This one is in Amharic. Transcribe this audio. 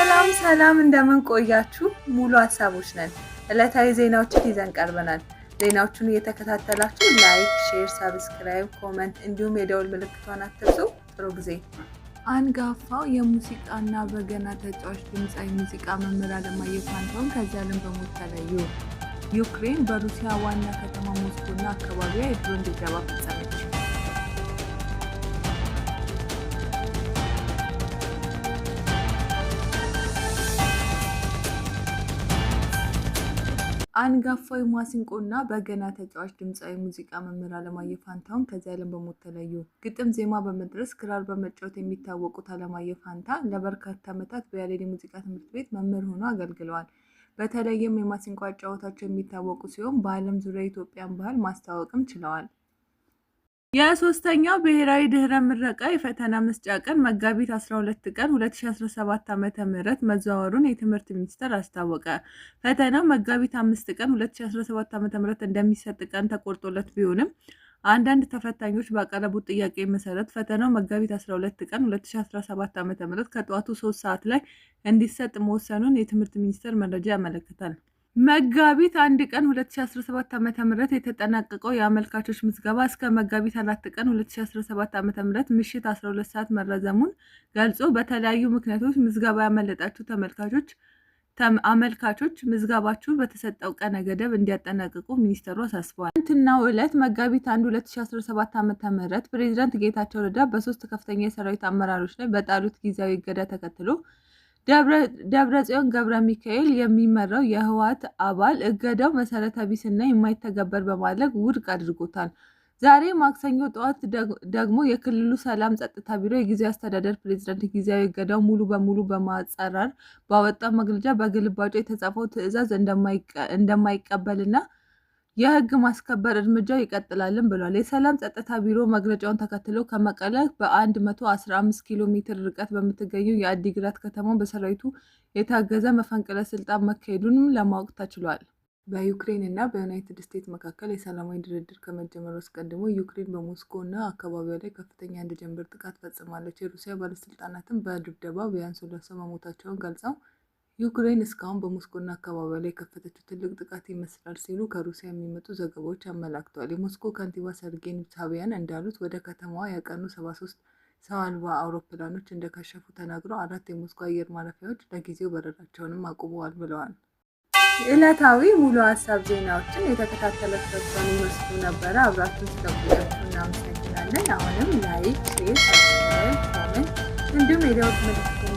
ሰላም ሰላም፣ እንደምን ቆያችሁ? ሙሉ ሀሳቦች ነን። ዕለታዊ ዜናዎችን ይዘን ቀርበናል። ዜናዎቹን እየተከታተላችሁ ላይክ፣ ሼር፣ ሰብስክራይብ፣ ኮመንት እንዲሁም የደውል ምልክቷን አትርሱ። ጥሩ ጊዜ። አንጋፋው የሙዚቃና በገና ተጫዋች ድምፃዊ ሙዚቃ መምህር አለማየሁ ፋንታሁን ከዚህ ዓለም በሞት ተለዩ። ዩክሬን በሩሲያ ዋና ከተማ ሞስኮና አካባቢዋ የድሮን ድብደባ ፈጸመች። አንጋፋዊ ማሲንቆና በገና ተጫዋች ድምፃዊ ሙዚቃ መምህር አለማየ ፋንታሁን ከዚህ ዓለም በሞት ተለዩ። ግጥም ዜማ በመድረስ ክራር በመጫወት የሚታወቁት አለማየ ፋንታ ለበርካታ ዓመታት በያሌል የሙዚቃ ትምህርት ቤት መምህር ሆኖ አገልግለዋል። በተለይም የማሲንቆ አጫወታቸው የሚታወቁ ሲሆን በዓለም ዙሪያ የኢትዮጵያን ባህል ማስተዋወቅም ችለዋል። የሶስተኛው ብሔራዊ ድህረ ምረቃ የፈተና መስጫ ቀን መጋቢት 12 ቀን 2017 ዓ.ም መዘዋወሩን የትምህርት ሚኒስቴር አስታወቀ። ፈተናው መጋቢት 5 ቀን 2017 ዓ.ም እንደሚሰጥ ቀን ተቆርጦለት ቢሆንም አንዳንድ ተፈታኞች ባቀረቡት ጥያቄ መሰረት ፈተናው መጋቢት 12 ቀን 2017 ዓ.ም ከጠዋቱ 3 ሰዓት ላይ እንዲሰጥ መወሰኑን የትምህርት ሚኒስቴር መረጃ ያመለክታል። መጋቢት አንድ ቀን 2017 ዓ ም የተጠናቀቀው የአመልካቾች ምዝገባ እስከ መጋቢት አራት ቀን 2017 ዓ ም ምሽት 12 ሰዓት መረዘሙን ገልጾ በተለያዩ ምክንያቶች ምዝገባ ያመለጣችሁ ተመልካቾች አመልካቾች ምዝገባችሁ በተሰጠው ቀነ ገደብ እንዲያጠናቅቁ ሚኒስተሩ አሳስበዋል። ትናንትናው ዕለት መጋቢት 1 2017 ዓ ም ፕሬዚዳንት ጌታቸው ረዳ በሶስት ከፍተኛ የሰራዊት አመራሮች ላይ በጣሉት ጊዜያዊ እገዳ ተከትሎ ደብረጽዮን ገብረ ሚካኤል የሚመራው የህወሓት አባል እገዳው መሰረተ ቢስና የማይተገበር በማድረግ ውድቅ አድርጎታል። ዛሬ ማክሰኞ ጠዋት ደግሞ የክልሉ ሰላም ጸጥታ ቢሮ የጊዜያዊ አስተዳደር ፕሬዚዳንት ጊዜያዊ እገዳው ሙሉ በሙሉ በማጸራር ባወጣው መግለጫ በግልባጩ የተጻፈው ትዕዛዝ እንደማይቀበልና የህግ ማስከበር እርምጃው ይቀጥላልም ብሏል። የሰላም ጸጥታ ቢሮ መግለጫውን ተከትሎ ከመቀለ በ115 ኪሎ ሜትር ርቀት በምትገኘው የአዲግራት ከተማ በሰራዊቱ የታገዘ መፈንቅለ ስልጣን መካሄዱንም ለማወቅ ተችሏል። በዩክሬን እና በዩናይትድ ስቴትስ መካከል የሰላማዊ ድርድር ከመጀመሩ አስቀድሞ ዩክሬን በሞስኮ እና አካባቢዋ ላይ ከፍተኛ አንድ ጀንበር ጥቃት ፈጽማለች። የሩሲያ ባለስልጣናትም በድብደባ ቢያንስ ሁለት ሰው መሞታቸውን ገልጸው ዩክሬን እስካሁን በሞስኮና አካባቢ ላይ የከፈተችው ትልቅ ጥቃት ይመስላል ሲሉ ከሩሲያ የሚመጡ ዘገባዎች አመላክተዋል። የሞስኮ ከንቲባ ሰርጌን ሳቢያን እንዳሉት ወደ ከተማዋ ያቀኑ 73 ሰው አልባ አውሮፕላኖች እንደከሸፉ ተናግረው አራት የሞስኮ አየር ማረፊያዎች ለጊዜው በረራቸውንም አቁመዋል ብለዋል። ዕለታዊ ሙሉ ሀሳብ ዜናዎችን የተከታተላችሁትን ይመስሉ ነበረ። አብራችሁን ስለቆያችሁ እናመሰግናለን። አሁንም ላይክ፣ ሼር፣ ሰብስክራይብ፣ ኮሜንት እንዲሁም የደወል ምልክት